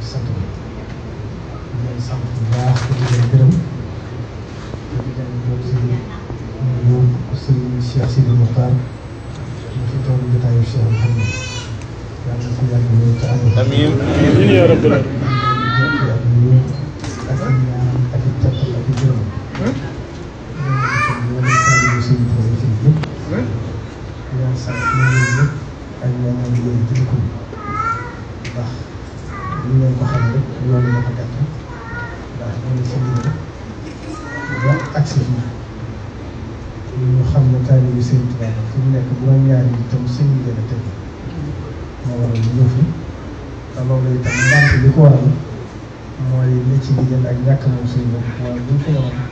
ci sant bi ñu leen sant bu baax di leen gërëm di leen doon si nuyu Serigne Cheikh Sidi Mokhtar ñu fi toog jotaayu Cheikh Mouhamed yàlla na ko yàgg loolu te am. amiin amiin yaa rabbal aalamiin. ñu leen ko xamee rek loolu moo ko gàtt ndax ñu ngi ci liggéey ba agsi fii ñu xam ne taalibe bi sëñ Tuubaa fi mu nekk juróom-ñaari yi itam sëñ bi gën a tëdd moo waral ñu ñëw fi te loolu itam bant li ko waral mooy li ci diggante ak ñàkk moom suñu bopp mooy bu ñu ko waral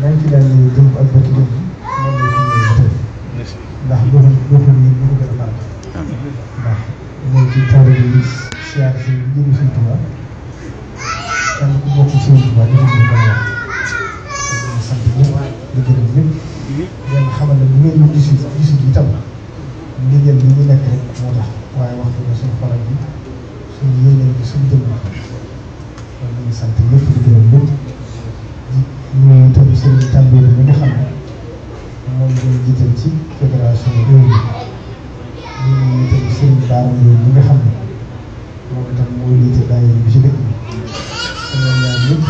nañ ci daan ñu jëm ak bët jëm moom la ñu mën a tëdd ndax bopp bopp yi bu ko gën a màgg ndax ñoom ci taalibe bi suñu jëm kon ñu ngi sant ñëpp di gërëm ñëpp di nuyu tamit sëriñ Tambédou bi nga xam ne moom lañ jiital ci fédération réew mi di nuyu tamit sëriñ Baara Ndoye bi nga xam ne moom itam moo jiite daayira bi ci dëkk bi ñoom ñaar ñëpp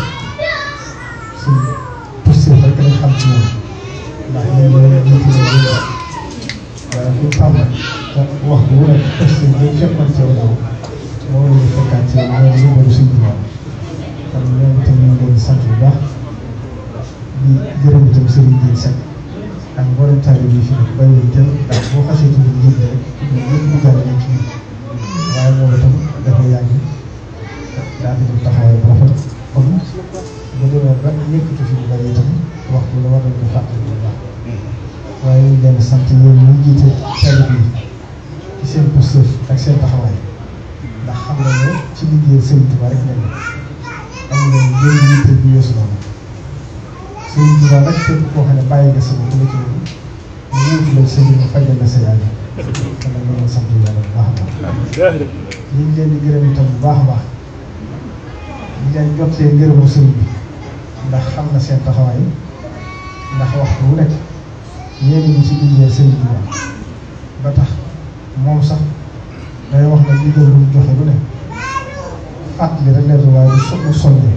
suñ posture rek lañ xam ci moom ndax ñoom ñoo jiite la waaye bu tàmbali wax bu wér posture bi képp mën cee loolu la ñu fekkaat sant bu baax di gërëm itam Serigne Dieng Seck ak mboolem taalibe yi fi nekk bàyyi ci biir njëkk rek ñun ñëpp ñu gën a waaye loolu dafa yàgg daa doon taxawaay bu rafet kon bu demee ba yëkkati fi mu waxtu la war nañ ko fàttali bu baax waaye ñu leen sant yéen ñu jiite taalibe yi ci seen ak seen taxawaay. xam na ne ci liggéey Serigne Touba rek la ñu am na njëriñ yitte bu yeesu noonu Serigne Touba nag képp koo xam ne bàyyi nga sama ko ci loolu mu wóotu la Serigne ma fajal la sa yàlla kon nag loolu sant yàlla bu baax a baax ñu ngi leen di gërëm itam bu baax a baax ñu leen jotee ngërëmu Serigne bi ndax xam na seen taxawaay ndax waxtu wu nekk ñeen ñi ci liggéey Serigne Touba ba tax moom sax wax na li jëwriñ joxe lu ne fàttali rek leen waaye du so du sonne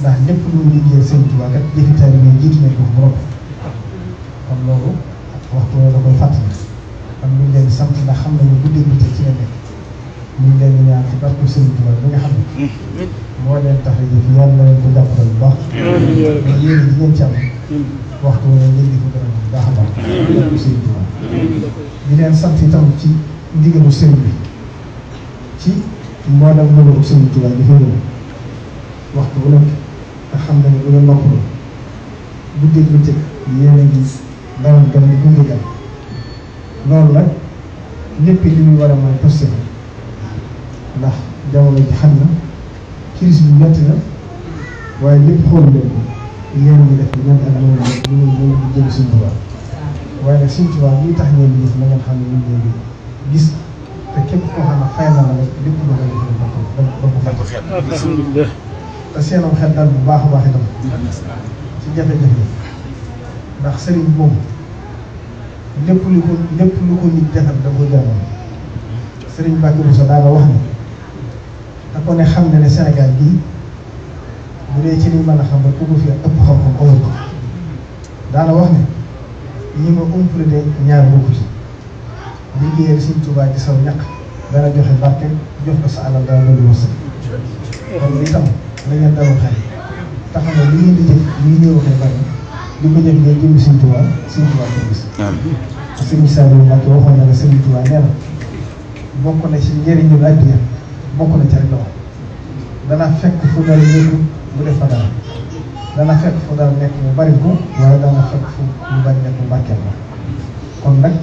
ndax lépp lu ñu liggéey sëñ Tuubaa kat jëfi taalibe yi jiitu nañ ko fu borom kon loolu waxtu woo a koy fàttali kon ñu ngi leen a ndax xam nañu bu déglu te ci la nekk ñu ngi leen ñaan ci barke sëñ Tuubaa bi nga xam ne moo leen tax a jëf yàlla na leen ko jàppale bu baax mais yéen ñi ngeen ci am waxtu woo ngeen di ko gën a baax a baax sëñ Tuubaa di leen sant itam ci ndigalu sëriñ bi ci mboolem loolu sëriñ Tuubaa dafay ñëw waxtu bu nekk nga xam ne bu ñu noppalu guddeeg lu tëg yéen a ngi dawal gan di lépp li muy war a mën a posté ndax jamono ji xam na crise bi métti na waaye lépp xool leen ko yéen a ngi def ñoom ak ñoom ñu ngi ñu ngi jëm suñu tubaab waaye nag suñu tubaab liy tax ñoom ñëpp na ngeen xam ne gis te képp koo xam ne fay rek lépp bu baax a baax ci jafe-jafe ndax sëriñ moom lépp lu ko lépp lu ko nit defal da koy jaaroon sëriñ Mbacke Bousso wax ni da ko xam ne ne Sénégal gii bu dee ci liñ a xam rek ku ko fi ëpp xam-xam amul ko wax ne ñi ma umpale de ñaar bokku ci. liggéeyal Sëriñ Tuubaa ci saw ñaq dana joxe barke jox ko sa alal dana doon wërsëg kon li tam la ngeen daloo xel te xam li di jëf li ngeen di waxee bari li ko jëf ngay jëm Sëriñ Tuubaa Sëriñ Tuubaa ko gis. te Sëriñ Saliou Mbacke waxoon na ne Sëriñ Tuubaa nee na bokk na ci njëriñu àddina bokk na ci rek loxo dana fekk fu dara nekk bu def dara dana fekk fu dara nekk mu bari ko wala dana fekk fu mu bari nekk mu barkeel ko kon nag.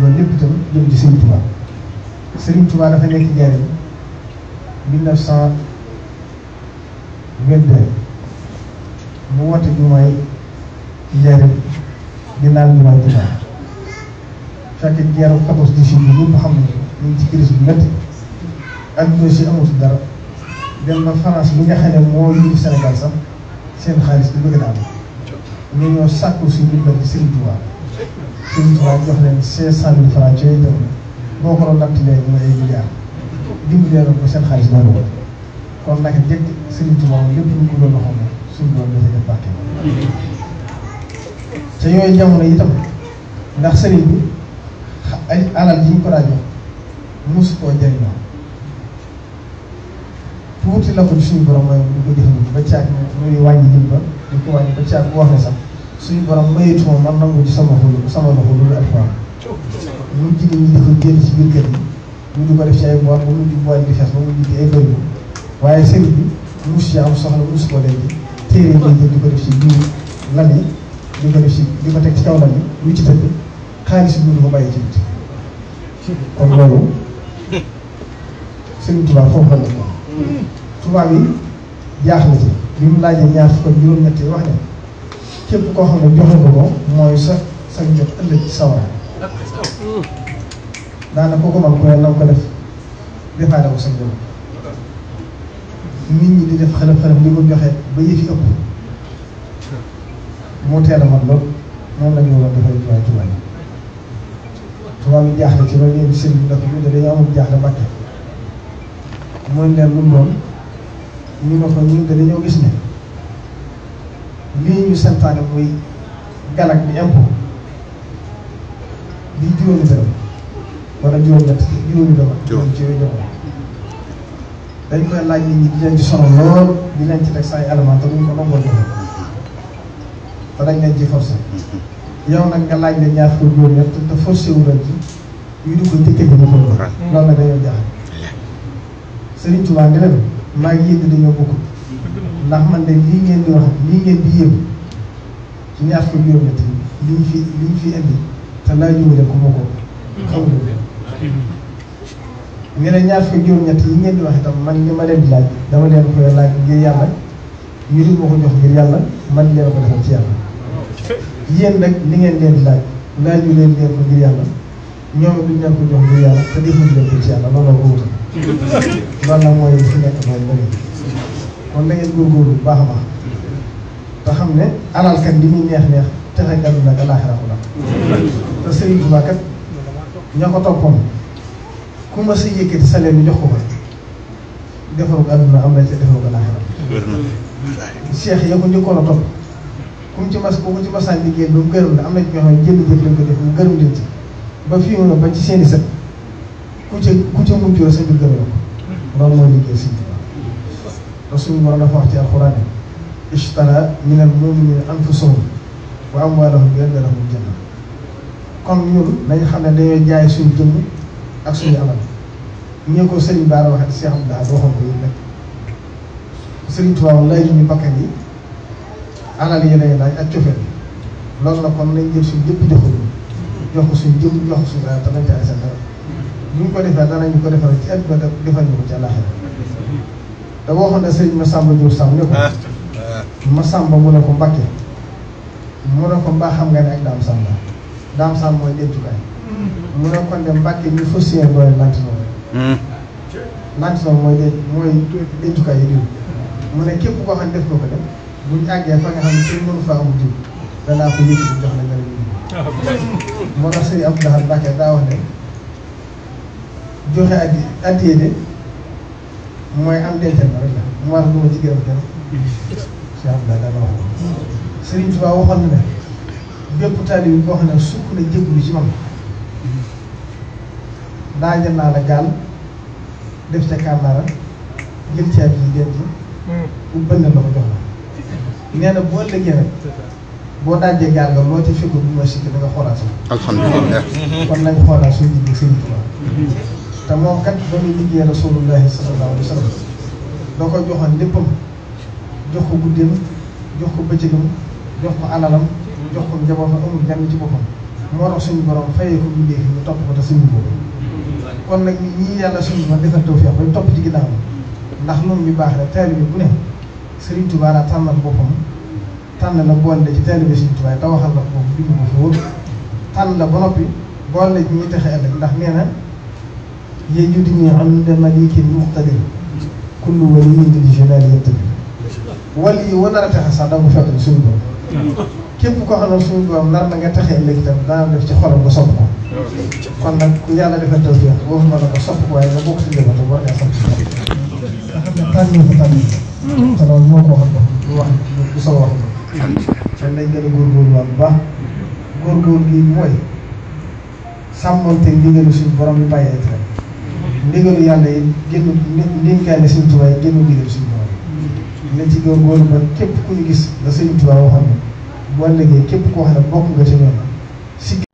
loolu lépp itam jëm ci Serigne Touba Serigne Touba dafa nekk njariñ 1922 mu woote bi mooy njariñ di naan jumaay Touba fekk njariñ 14 18 bi ñëpp xam ne ñu ngi ci crise bu métti adduna si amatul dara dem na France bi nga xam ne moo yëngu Sénégal sax seen xaalis bi bëgg naa ko ñu ñoo sàkku si ñu bëgg Serigne Touba. Sëriñ Tuubaa jox leen cinq cent mille francs ci yooyu dem boo ko doon nattalee ñu ay milliards dimbalee ko seen xaalis boobu ko kon naka jëkk Sëriñ Tuubaa lépp lu ko doon waxoon suñu doon dafa def barke te yooyu jamono itam ndax sëriñ bi ay alal yi ñu ko daa jox mosu koo jëriñoo tuuti la ko suñu borom mooy bu ko jëfandikoo ba caag muy wàññi jëm ba di ko wàññi ba caag bu wax ne sax. suñu borom mayeetu ma man nangu ci sama xol sama loxo loolu alxuraan ñun jigéen ñi di ko génn ci biir kër yi ñu di ko def ci ay boîte ba mu di boîte di fees ba mu di ay bëri waaye sëriñ bi mus ci am soxla mus ko léegi téere yi jël di ko def ci biir lan yi di ko def ci di ko teg ci kaw lan yi lu bi ko bàyyi ci biti kon loolu sëriñ Tuubaa foofu la nekk tubaab yi jaax na ci bi mu laajee ñaar fukk ak juróom-ñett yi képp koo xam ne joxe ko ko mooy sa sa njot ëllëg ci sawara daanaka kooku man ku ne na ko def defaale ko sa njot nit ñi di def xërëb xërëb li ko joxe ba yëf yi moo teel a man lool moom la ñu war a defal tubaab tubaab yi tubaab yi jaaxle ci loolu yéen sëñ bi ndax ñu ne dañoo ñu ne dañoo gis ne lii ñu santaane muy galak bi impôt di juróomi dërëm ma juróom-ñett juróomi dërëm ci yooyu joxoon dañ koy laaj nit ñi di leen ci sonal lool di leen ci teg say élément te duñ ko nangoo joxe te dañ leen ci forcé yow nag nga laaj leen ñaar fukki juróom-ñett te forcé wu leen ci ñu di ko njëkkee ñu ko loolu nag dañoo jaaxle Serigne Touba nga leen maa ngi yëg dañoo bokkul ndax man de lii ngeen di wax lii ngeen di yëw ci ñaar ko yëw na te liñ fi liñ fi indi te laa jëmale ko ma ko xamul ñeneen ñaar fukki juróom-ñett yi ngeen di wax itam man li ma leen di laaj dama leen koy laaj ngir yàlla ñu di ma ko jox ngir yàlla man leen ko defal ci yàlla. yéen nag li ngeen leen di laaj laaju leen leen ko ngir yàlla ñoom duñ leen ko jox ngir yàlla te defuñ leen ko ci kon na góor góor bu baax a baax te xam ne alal kat li muy neex neex te Sëriñ Tuubaa kat ñoo ko toppoon ku ma jox ko ko defoo ko àdduna am ya a topp ku mu ci mas ku mu ci masaan liggéey lu mu gërëm la am na ci ñoo xam jëf lañ mu gërëm leen ba fii mu ne ba ci seeni sët ku ca ku ca mucc la sa mbir gërëm la ko loolu mooy liggéey si ndax suñu borom dafa wax ci alxuraan yi ishtara minal muminina anfusahum wa amwaalahum bi anna lahumul janna kon ñun nañ xam ne dañoo jaay suñu jëmm ak suñu alal ñee ko Serigne Bara waxee Cheikh Abdou Lahad waxoon ko yéen rek Serigne Touba lay ñu bakkan yi alal yi lay laaj ak cofeel loolu la kon nañ jël suñu jëpp jox ko jox ko suñu jëmm jox ko suñu alal te jaay seen dara bu ñu ko defee danañ ñu ko defal ci àdduna defal ñu ko ci dama waxoon ne sëñ Massamba Diouf Samb ne ko ah. Massamba mu ne ko Mbakke mu ne ko mbaa xam nga ne ak Dame Samb Dame Samb mooy dencukaay mu ne kon de Mbakke ñu fas yéene doole lantinoon lantinoon mooy denc mooy dencukaay yi diw mu ne képp koo xam ne def ko ko dem bu ñu àggee fa nga xam ne suñ mënu faa am diw danaa ko yëkkati jox la nga moo tax sëñ Abdou Lahad Mbakke daa wax ne joxe addi addiyee de mooy am dencal ma rek la maa ngi ma ci gërëm kenn. incha allah dana wax Serigne Touba waxoon na ne bépp boo xam ne sukk na jébbalu ci man daajal naa la gaal def ca kàllaara jël caabi yi denc bu bënn la ko jox la. nee na boo ëllëgee nag boo daajee gaal nga loo ci fekk bu ma sikki da nga xoolaat sax. alhamdulilah kon nañ xoolaat suñu jublu Serigne Touba. te moom kat ba muy liggéey rasulullahi sallallahu alayhi wa sallam da ko joxoon léppam jox ko guddeem jox ko bëccëgam jox ko alalam jox ko njabootam amul lenn ci boppam moo tax suñu borom fayee ko bindee fi ñu topp ko te suñu boobu kon nag ñii yàlla suñu ma defal tawfiq ba ñu topp ci ginnaaw ndax loolu mi baax rek taalibe bu ne Serigne Touba la tànnal boppam tànn la boole ci taalibe Serigne Touba te waxal la ko boobu bindu ko fa wóor tànn la ba noppi boole ci ñuy texe ëllëg ndax nee na. يجدني عند مليك مقتدر كل ولي للجلال يتبع ولي ونرتاح صدام فات سنبو كيف كو خنا سنبو ام نار نغا تخي ليك تام دا ديف سي خورم با صوب كون نا كو يالا ديف توفي وخ ما نكو صوب كو واي بوك سي ديما تو وركا صوب تاني تاني تاني تاني مو كو خنا واحد بو صوب واحد فان لاي غاني غور غور واخ با غور غور كي موي سامونتي ديغلو سي بروم باي اتري ndigalu yàlla yi génn ndénkaay la Sëriñ Tuubaa yi génn ndigal suñu borom na ci góorgóorlu ba képp ku ñu gis la Sëriñ Tuubaa waxoon ne boo liggéey képp koo xam ne bokk nga ci ñoom si